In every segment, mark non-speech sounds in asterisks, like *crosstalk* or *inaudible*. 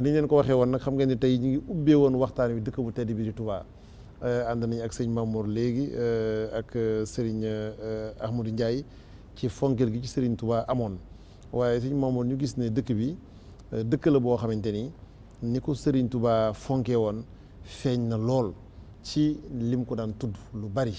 ni leen ko waxee woon nag xam ngeen ne tey ñu ngi ubbee woon waxtaan wi dëkk bu tedd bi di Touba euh, ànd nañu ak sëñ Mamour léegi euh, ak euh, sëriñ Ahmadou njaay ci fonkeel gi ci sëriñ tubaa amoon waaye sëñ Mamour ñu gis ne dëkk bi dëkk la boo xamante ni ni ko sëriñ Touba fonkee woon feeñ na lool ci lim ko daan tudd lu bari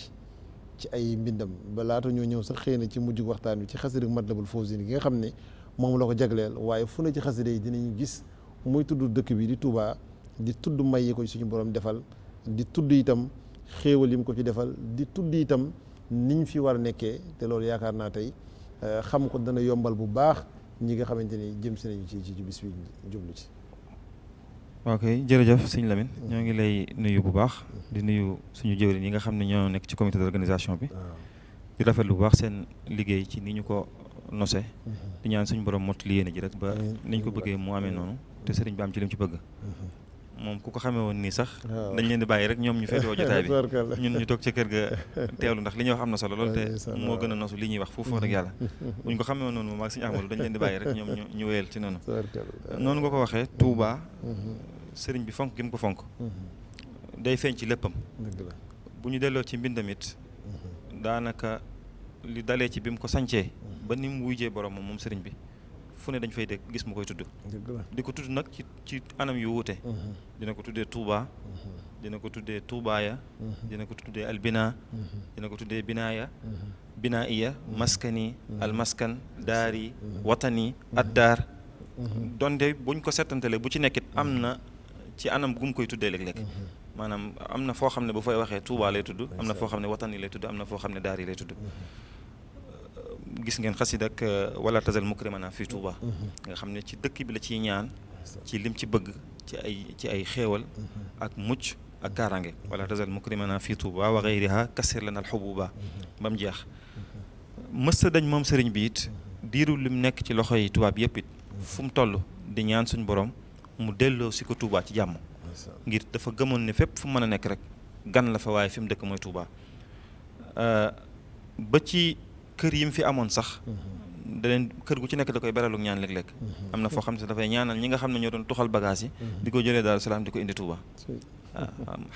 ci ay mbindam ba laata ñoo ñëw sax xëy na ci mujjug waxtaan wi ci xasida Matlabul Fawzayni gi nga xam ne moom la ko jagleel waaye fu ne ci dinañu gis muy tudd dëkk bi di Touba di tudd may yi ko suñu borom defal di tudd itam xéewal yi ko ci defal di tudd itam niñ fi war a nekkee te loolu yaakaar naa tey euh, xam ko dana yombal bu baax ñi nga xamante ni jëm si nañu ci ci bis bi jublu ci. ok jërëjëf sëñ Lamine mm. ñoo ngi lay nuyu bu baax di nuyu suñu jëwriñ ñi nga xam ne ñoo nekk ci comité d'organisation bi di rafetlu bu baax seen liggéey ci ni ñu ko. nose mm-hmm. di ñaan suñu borom mottali yéene ji rek ba mm-hmm. niñ ko bëggee mu amee noonu te sëriñ bi am ci lim ci bëgg mm-hmm. moom ku ko xamee woon nii sax dañ leen di bàyyi rek ñoom ñu feetewoo jotaay bi *laughs* ñun ñu toog ci kër ga teewlu ndax li ñuy wax am na solo lool moo gën li ñuy wax foofu rek yàlla ko xamee woon noonu moom ak suñu Ahmadou dañ leen di rek ñoom ñu ñu ci noonu noonu nga ko waxee Touba sëriñ bi fonk gi mu ko fonk day feeñ ci léppam bu ñu delloo ci mbindamit daanaka li dalee ci bi mu ko sancee ba ni mu wujjee borom moom moom sëriñ bi fu ne dañ fay dégg gis ma koy tudd di ko tudd nag ci ci anam yu wuute mm-hmm. dina ko tuddee Touba mm-hmm. dina ko tuddee ya mm-hmm. dina ko tuddee albina dina ko tuddee binaaya binaa iya maskani almaskan daari watani addaar donte buñ ko settantale bu ci nekkit am na ci anam gum koy tuddee léeg-léeg maanaam am na foo xam ne bu fay waxee Touba tudd am na foo xam ne watani lay tudd am na foo xam ne daari lay tudd gis ngeen xasida ak wala tazal mukrimana fi Touba nga xamne ci dëkk bi la ci ñaan ci lim ci bëgg ci ay ci ay xéewal ak mucc ak garange wala tazal mukrimana fi Touba wa ghayriha kasir lana al hububa ba jeex mësta dañ mom sëriñ bi it diiru lim nekk ci loxoy yi bi yëpp it fu mu tollu di ñaan suñ borom mu dello ci ko Touba ci jàmm ngir dafa gëmon ne fep fu mëna nekk rek gan la fa way fi mu dëkk moy Touba ba ci kër yi mu fi amoon sax da leen kër gu ci nekk da koy beralu ñaan léeg-léeg am na foo xam ne sax dafay ñaanal ñi nga xam ne ñoo doon tuxal bagage yi di ko jëlee Daaru Salaam di ko indi Tuuba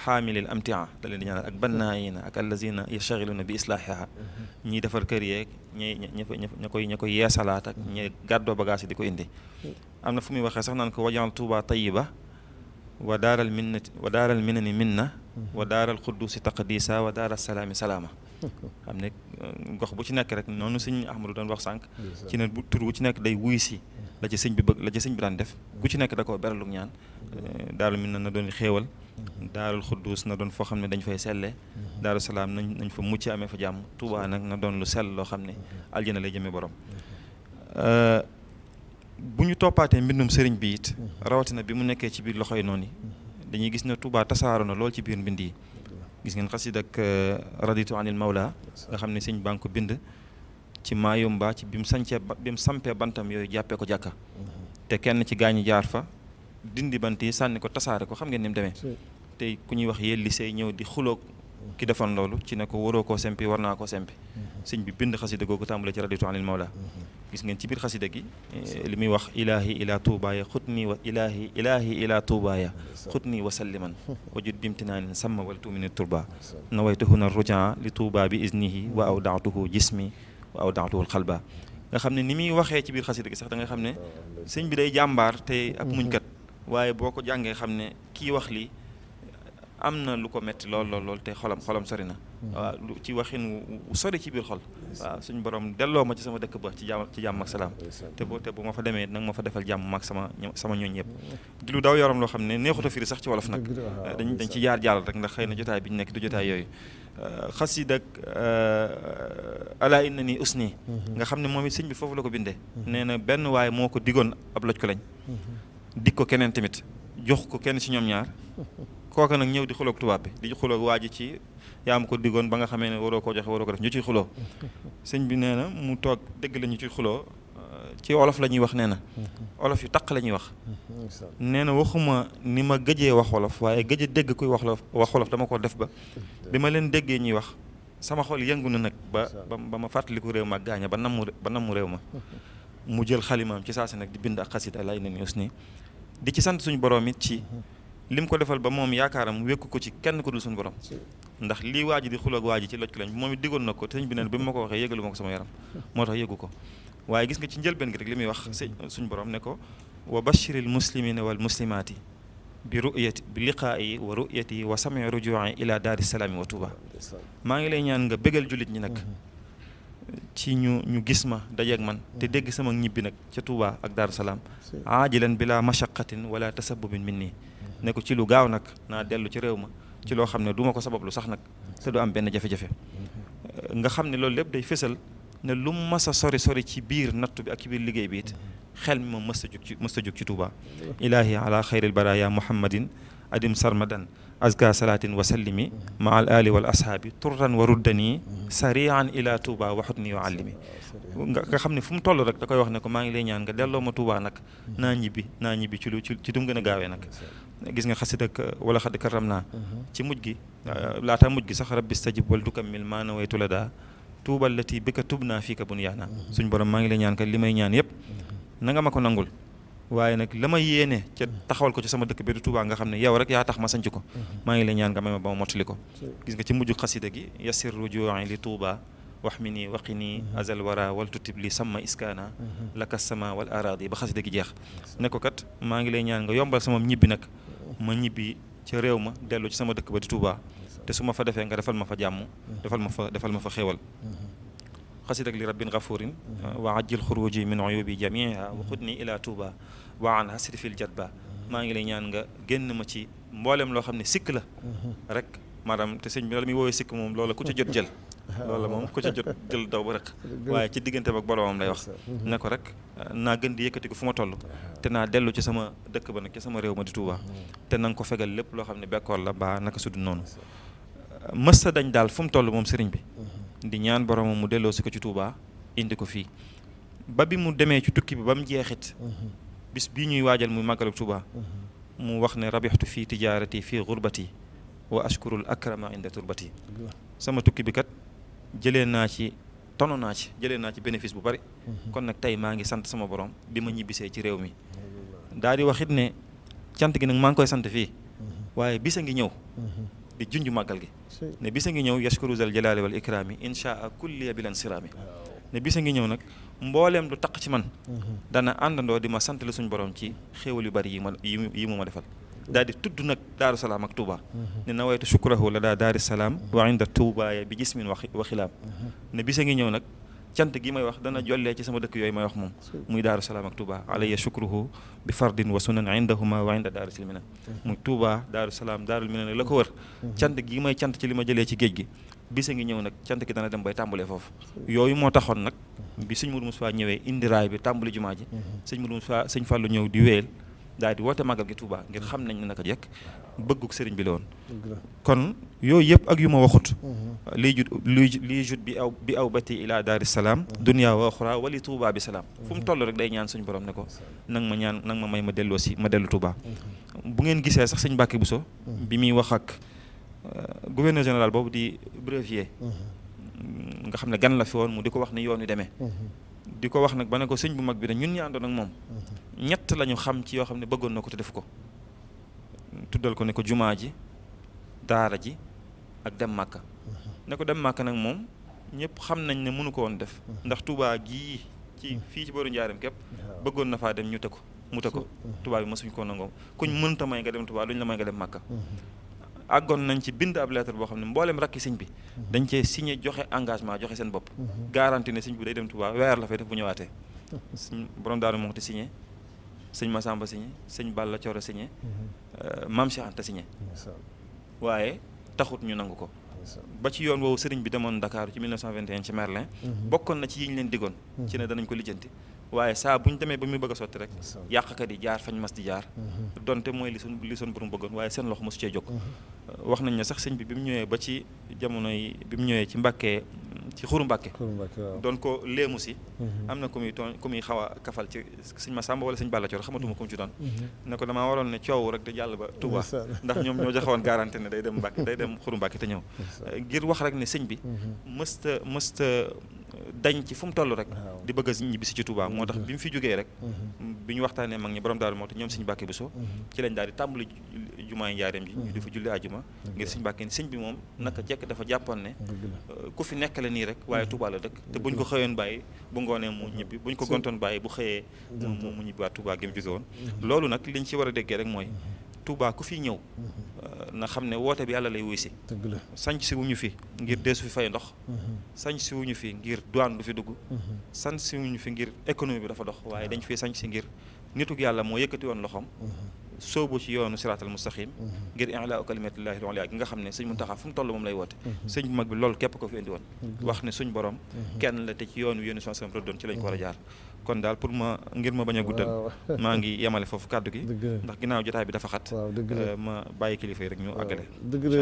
xaamilil amtia da leen di ñaanal ak bannaayina ak allazina yashagiluna bi islaahiha ñiy defar kër yeeg ñi ña ña koy ña koy yeesalaat ak ñi gàddoo bagage yi di ko indi am na fu muy waxee sax naan ko wajaal Tuuba tayiba wa daaral minnati wa daaral minani minna wa daaral quddusi taqdisa wa daaral salaami salaama *laughs* xam ne euh, gox bu ci nekk rek noonu sëñ Ahmadou doon wax sànq ci ne bu tur bu ci nekk day wuy si la ci sëñ bi bëgg la ci sëñ bi daan def ku ci nekk da koo beralug ñaan euh, daaru min na na doon xéewal mm-hmm. daarul xudduus na doon foo xam ne dañ fay selle mm-hmm. daaru salaam nañ nañ fa mucc amee fa jàmm Tuubaa nag na doon lu sell loo xam ne mm-hmm. aljana lay jëmee borom euh, bu ñu toppaatee mbindum sëriñ bi it rawatina bi mu nekkee ci biir loxoy noonu dañuy gis ne Tuubaa tasaaro na lool ci biir mbind yi gis ngeen xasida ak euh, raditu anil mawla nga xam ne sëñ baa ngi ko bind ci maayomba ci bi mu sancee bi mu sampee bantam yooyu jàppee ko jàkka mm-hmm. te kenn ci gaañu jaar fa dindi bant yi sànni ko tasaare ko xam ngeen ni mu demee tey ku ñuy wax yéen lycée ñëw di xuloog ki defoon loolu ci ne ko waroo koo sempi war naa koo sempi sëñ bi bind xasida googu tàmbale ci raditu anil mawla gis ngeen ci biir xasida gi li muy wax ilaahi ilaa tuubaaya xut nii wa ilaahi ilaahi ilaa tuubaaya xut nii wa salliman wajud bimtinaanin samma wal tuumini turba nawaytuhuna rujaa li tuuba bi iznihi wa aw jismi wa aw daatuhu xalba nga xam ne ni muy waxee ci biir xasida gi sax da nga xam sëñ bi day jàmbaar te ak muñkat waaye boo ko jàngee xam ne wax lii amna na lu ko metti lol lol lol te xolam xolam sori na waaw ci waxin wu sori ci bir xol waaw suñu borom delloo ma ci sama dëkk ba ci jàmm ci jàmm ak salam te bo te bu ma fa deme nak ma fa defal jàmm ak sama sama ñooñ ñep di lu daw yoram lo xamne ne neexuta firi sax ci wolof nak dañ dañ ci yar jàll rek ndax xeyna jotaay bi ñu nekk du jotaay yoy xasida ak ala innani usni nga xamne momi moom sëñ bi fofu lako binde neena nee na benn waaye moo ko ab loj ko lañ dig ko keneen tamit jox ko kenn ci ñom ñaar kooka nag ñëw di xuloog tubaab bi di xuloog waa ji ci yaa ma ko diggoon ba nga xamee ne waroo koo joxe waroo ko def ñu ciy xuloo *laughs* sëñ bi nee na mu toog dégg lañu ñu ciy xuloo euh, ci olof la ñuy wax nee na *laughs* olof yu taq lañuy ñuy wax *laughs* nee na waxuma ni ma gëjee wax wolof waaye gëj dégg kuy wax wax wolof dama ko def ba bi ma leen déggee ñuy wax sama xol yëngu na nag ba ba ma fàttaliku réew ma gaaña ba nammu ba namm réew ma mu jël xalimaam ci saa saasi nag di bind ak xasit alay na news nii di ci sant suñu borom it ci lim ko defal ba mom yaakaaram wékku ko ci kenn ko dul sun borom ndax li waji di xuloo ak waa ci loj ko lañ mom digon nako sëñ bi neen bima mako waxe waxee mako sama yaram motax yegguko waye gis nga ci njëlbeen gi rek limi wax sëñ suñu borom ne ko wa bashiril muslimina wal muslimati bi ru'yati bi liqa'i wa ru'yati wa sami ruju'i ila dar salaami wa tuba ma ngi lay ñaan nga bégal julit ñi nak ci ñu ñu gis ma ak man te dégg sama ñibbi nak ci tuba ak dar salam ajilan bila mashaqqatin wala tasabbubin minni ne ci lu gaaw nag naa dellu ci réew ma ci loo xam ne duma ko ko sabablu sax nag te du am benn jafe-jafe nga xam ne loolu lépp day fésal ne lu mu mës a sori sori ci biir nattu bi ak ci biir liggéey bi it xel mi moom mës a jug ci mës a jug ci Touba ilaahi ala xayril baraya muhammadin adim أزكى صلاة وسلمي مع الآل والأصحاب طرا وردني سريعا إلى Touba waxutni yoo àllimi nga xam ne fu mu toll rek da koy wax ne ko maa ngi lay ñaan nga delloo ma Touba nag naa ñibbi naa ñibbi ci lu ci ci dum gën a gaawee nag gis nga xasit ak wala xad karam naa ci mujj gi laataa mujj gi sax rabbi stajib wal tukammil maa nawaytu la daa tuubal lati bi ka tub naa fii ka bun yaana suñ borom maa ngi lay ñaan kat li may ñaan yëpp na nga ma ko nangul waaye nag la ma yéene ca taxawal ko ci sama dëkk bi du Touba nga xam ne yow rek yaa tax ma sanc ko maa ngi lay ñaan nga may ma ba ma mottali ko gis nga ci mujj xasida gi yasir rujuu'i li Touba wax waqini azal wara wal tutib li sama iskana laka sama wal aradi ba xasida gi jeex ne ko kat maa ngi lay ñaan nga yombal sama ñibbi nag ma ñibbi ci réew ma dellu ci sama dëkk ba di Touba te su ma fa defee nga defal ma fa jàmm defal ma fa defal ma fa xéewal قصدك لرب غفور وعجل خروجي من عيوبي جميعها وخدني إلى توبة وعن حسري في الجدبة maa ngi lay ñaan nga génn ma ci mboolem loo xam ne sikk la rek maanaam te sëñ bi loolu muy woowee sikk moom loola ku ca jot jël loola moom ku ca jot jël daw ba rek waaye ci diggante ak boroomam lay wax ne ko rek naa gën di yëkkati ko fu ma toll te naa dellu ci sama dëkk ba nag ci sama réew ma di Touba te na nga ko fegal lépp loo xam ne bekkoor la baa naka su dul noonu mës sa dañ daal fu mu toll moom sëriñ bi di ñaan boromam mu delloo si ko ci Touba indi ko fii ba bi mu demee ci tukki bi ba mu jeexit bis bi ñuy waajal muy màggalu Touba mu wax ne rabixtu fii tijaarati fii xurbati wa ashkurul akrama inda turbati sama tukki bi kat jëlee naa ci tono naa ci jëlee naa ci bénéfice bu bari kon nag tey maa ngi sant sama borom bi ma ñibbisee ci réew mi daal di waxit ne cant gi nag maa ngi koy sant fii waaye bis a ngi ñëw di junj màggal gi ne bisa ngi ñëw yashkuru zal jalaali wal ikraami inchaa kulliya bilan siraami ne bisa ngi ñëw nag mbooleem lu taq ci man mhm. dana àndandoo di ma sant la suñu borom ci xéewal yu bari yi ma yi mu ma defal daal di tudd nag daaru salaam ak Touba mhm. ne na waytu shukrahu la daa daari salaam wa inda Touba ya bi jismin waxi waxilaam mhm. ne bisa ngi ñëw nag cant gi may wax dana jollee ci sama dëkk yooyu may wax moom muy daaru salaam ak touba alayya shukruhu bi fardin wa sunan indahuma wa inda daaru silmina muy touba daaru salaam daarul mina la ko wër cant gi may cant ci li ma jëlee ci géej gi bisa ngi ñëw nag cant gi dana dem bay tàmbalee foofu yooyu moo taxoon nag bi suñ sëñ Mourou Moussa ñëwee indi raay bi tàmbali jumaa ji sëñ Mourou Moussa sëñ Fallou ñëw di wéyal daal di woote màggal gi Touba ngir xam nañ ne naka jekk bëgguk sëriñ bi la woon kon yooyu yu ma waxut mhm. lii jut lii jut bi bi aw bati ilaa daari salaam mhm. dunya wa axira wali Touba bi salaam fu mu mhm. toll rek day ne ko nag ma ñaan nag ma may ma ma dellu Touba bu ngeen gisee sax sëñ Mbàkke Buso bi muy wax ak euh, gouverneur général boobu di Brevier nga xam ne gan la fi woon mu di ko wax ne yoon wi demee di ko wax nag ba ne ko sëñ bu mag bi ne ñun ñaandoon ak moom ñett lañu xam ci yoo xam ne bëggoon na ko te def ko tuddal ko ne ko jumaa ji daara ji ak dem màkka mhm. ne ko dem màkka nag moom ñëpp xam nañ ne mënu ko woon def mhm. ndax tubaa gii ci mhm. fii ci booru njaaram képp bëggoon na faa dem ñu te ko mu te ko tubaa bi mësuñ ko nangoo kuñ mënta may nga dem tubaa duñ la may nga dem màkka àggoon nañ ci bind ab lettre boo xam ne mbooleem rakki siñ bi dañ cee signé joxe engagement joxe seen bopp garanti ne sëñ bi day dem tubaa weer la fay def bu ñëwaatee *laughs* suñ borom daanu moo te signé sëñ Massamba signé sëñ Balla Coro signé mhm. euh, maam Cheikh Anta signé waaye taxut ñu nangu ko ba ci yoon woowu sëriñ bi demoon Dakar ci 1921 ci Merlin mhm. bokkoon na ci yiñ leen digoon mhm. ci ne danañ ko lijjanti waaye saa bu ñu demee ba muy bëgg a sotti rek yàqkat yi jaar fañ mas di jaar donte mooy li sun li bëggoon waaye seen loxo mosu cee jóg euh, wax nañ ne sax sëñ bi bi mu ñëwee ba ci jamono yi bi mu ñëwee ci Mbàkke ci xuru mbàkke doon ko léemu si mhm. am na ku muy tooñ ku muy xaw a kafal ci sëñ Masamba wala sëñ Balla Coor xamatuma mhm. ku mu ci doon mhm. ne ko damaa waroon ne coow rek da jàll ba Touba *laughs* ndax ñoom ñoo joxewoon garantie ne day dem mbàkke day dem xuru mbàkke te ñëw ngir wax rek ne sëñ bi mësta mësta dañ ci fu mu toll rek di bëgg a si ci Touba moo tax mm-hmm. bi mu fi jógee rek mm-hmm. bi ñu waxtaanee mag ñi borom daaru moo tax ñoom Sëñ Mbàkke so mm-hmm. ci lañ daal di tàmbali jumaa njaareem ji ñu dafa julli ajuma ngir Sëñ Mbàkke sëñ bi moom naka jekk dafa jàppoon ne uh, ku fi nekk la nii rek waaye Touba la dëkk te buñ ko xëyoon bàyyi bu ngoonee mu ñibbi buñ ko gontoon bàyyi bu xëyee mu ñibbi waat Touba gi mu jóge woon loolu nag liñ ci war a déggee rek mooy Touba ku fi ñëw na xam ne woote bi yàlla lay wuy si sanc si wuñu fi ngir desu fi fay ndox mm-hmm. sanc si wuñu fi ngir douane du fi dugg mm-hmm. sanc si wuñu fi ngir économie bi dafa dox waaye dañ fi sanc si ngir nitug yàlla moo yëkkati woon loxoom mm-hmm. soobu ci yoonu siraatal mustaqim ngir i'laa kalimatillahi al-ulya gi nga xam ne sëñ Muntaxa fu mu toll moom lay woote sëñ bu mag bi loolu képp ko fi indi woon wax ne suñ borom kenn la te ci yoonu yéen soo sam rëddoon ci lañ ko kon daal pour ma ngir ma bañ a guddal *laughs* maa ngi yemale foofu kàddu gi ndax ginnaaw jotaay bi dafa xat euh, ma bàyyi kilifa yi rek ñu àggale